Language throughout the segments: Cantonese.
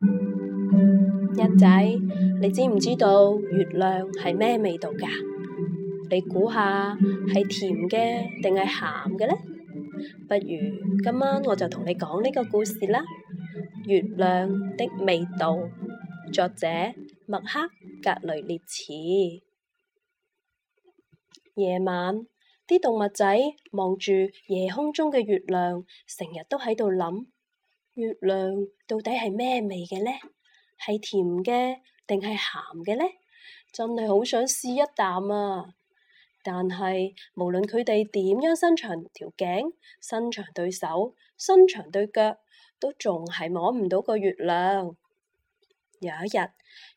日仔，你知唔知道月亮係咩味道噶？你估下係甜嘅定係咸嘅呢？不如今晚我就同你講呢個故事啦。《月亮的味道》，作者：麥克·格雷列茨。夜晚，啲動物仔望住夜空中嘅月亮，成日都喺度諗。月亮到底係咩味嘅呢？係甜嘅定係鹹嘅呢？真係好想試一啖啊！但係無論佢哋點樣伸長條頸、伸長對手、伸長對腳，都仲係摸唔到個月亮。有一日，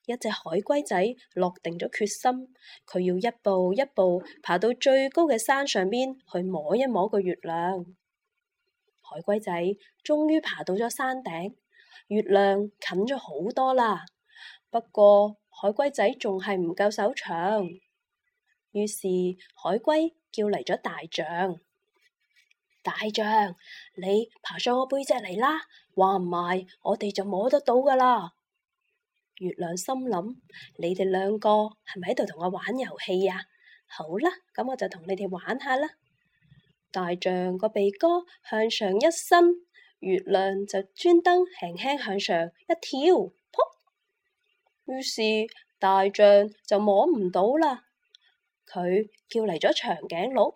一隻海龜仔落定咗決心，佢要一步一步爬到最高嘅山上邊去摸一摸個月亮。海龜仔終於爬到咗山頂，月亮近咗好多啦。不過海龜仔仲係唔夠手長，於是海龜叫嚟咗大象。大象，你爬上我背脊嚟啦，話唔埋，我哋就摸得到噶啦。月亮心諗：你哋兩個係咪喺度同我玩遊戲呀？好啦，咁，嗯，我就同你哋玩下啦。大象個鼻哥向上一伸，月亮就專登輕輕向上一跳，撲！於是大象就摸唔到啦。佢叫嚟咗長頸鹿，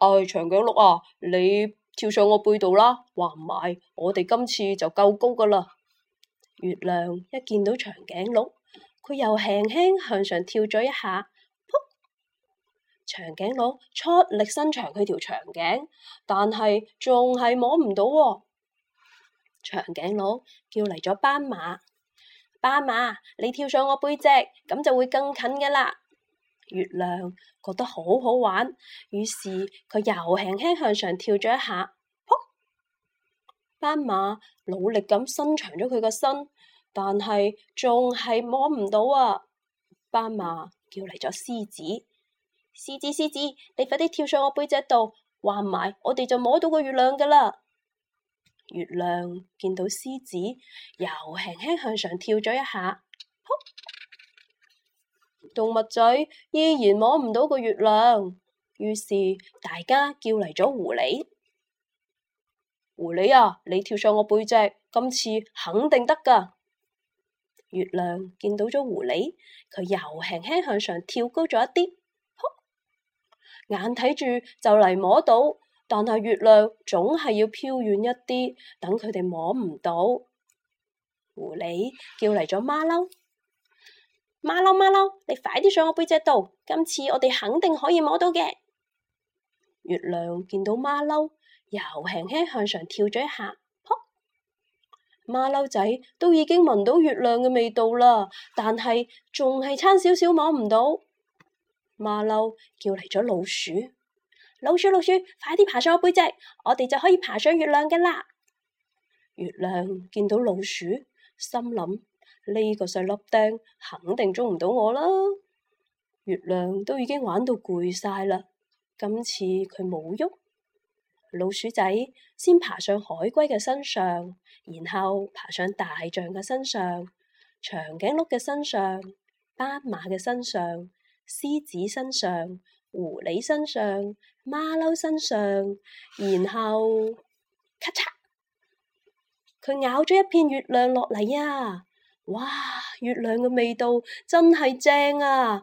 唉、哎，長頸鹿啊，你跳上我背度啦，話唔埋，我哋今次就夠高㗎啦。月亮一見到長頸鹿，佢又輕輕向上跳咗一下。長頸鹿出力伸長佢條長頸，但係仲係摸唔到喎。長頸鹿叫嚟咗斑馬，斑馬你跳上我背脊，咁就會更近㗎喇。月亮覺得好好玩，於是佢又輕輕向上跳咗一下。噗！斑馬努力咁伸長咗佢個身，但係仲係摸唔到啊。斑馬叫嚟咗獅子。獅子，獅子，你快啲跳上我背脊度，話埋，我哋就摸到個月亮噶啦！月亮見到獅子，又輕輕向上跳咗一下，動物仔依然摸唔到個月亮。於是大家叫嚟咗狐狸，狐狸啊，你跳上我背脊，今次肯定得噶！月亮見到咗狐狸，佢又輕輕向上跳高咗一啲。眼睇住就嚟摸到，但係月亮總係要飄遠一啲，等佢哋摸唔到。狐狸叫嚟咗馬騮，馬騮馬騮，你快啲上我背脊度，今次我哋肯定可以摸到嘅。月亮見到馬騮，又輕輕向上跳咗一下，撲。馬騮仔都已經聞到月亮嘅味道啦，但係仲係差少少摸唔到。馬騮叫嚟咗老，老鼠，老鼠老鼠，快啲爬上我背脊，我哋就可以爬上月亮嘅啦。月亮見到老鼠，心諗呢、呢個細粒釘肯定捉唔到我啦。月亮都已經玩到攰晒啦，今次佢冇喐，老鼠仔先爬上海龜嘅身上，然後爬上大象嘅身上，長頸鹿嘅身上，斑馬嘅身上。獅子身上、狐狸身上、馬騮身上，然後咔嚓，佢咬咗一片月亮落嚟呀，哇，月亮嘅味道真係正啊！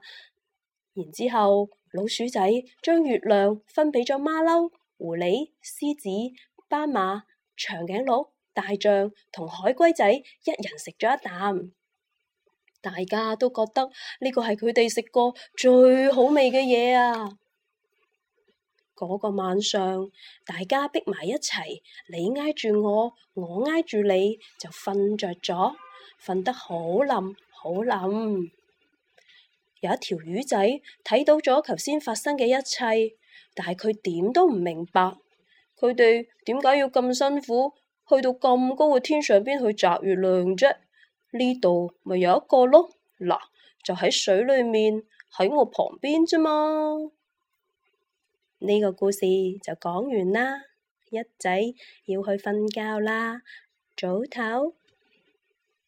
然之後，老鼠仔將月亮分俾咗馬騮、狐狸、獅、獅子、斑馬、長頸鹿、大象同海龜仔，一人食咗一啖。大家都覺得呢個係佢哋食過最好味嘅嘢啊！嗰個晚上，大家逼埋一齊，你挨住我，我挨住你，就瞓着咗，瞓得好冧好冧。有一條魚仔睇到咗頭先發生嘅一切，但係佢點都唔明白，佢哋點解要咁辛苦去到咁高嘅天上邊去摘月亮啫？呢度咪有一個咯，嗱，就喺水裏面，喺我旁邊啫嘛。呢個故事就講完啦，一仔要去瞓覺啦，早唞。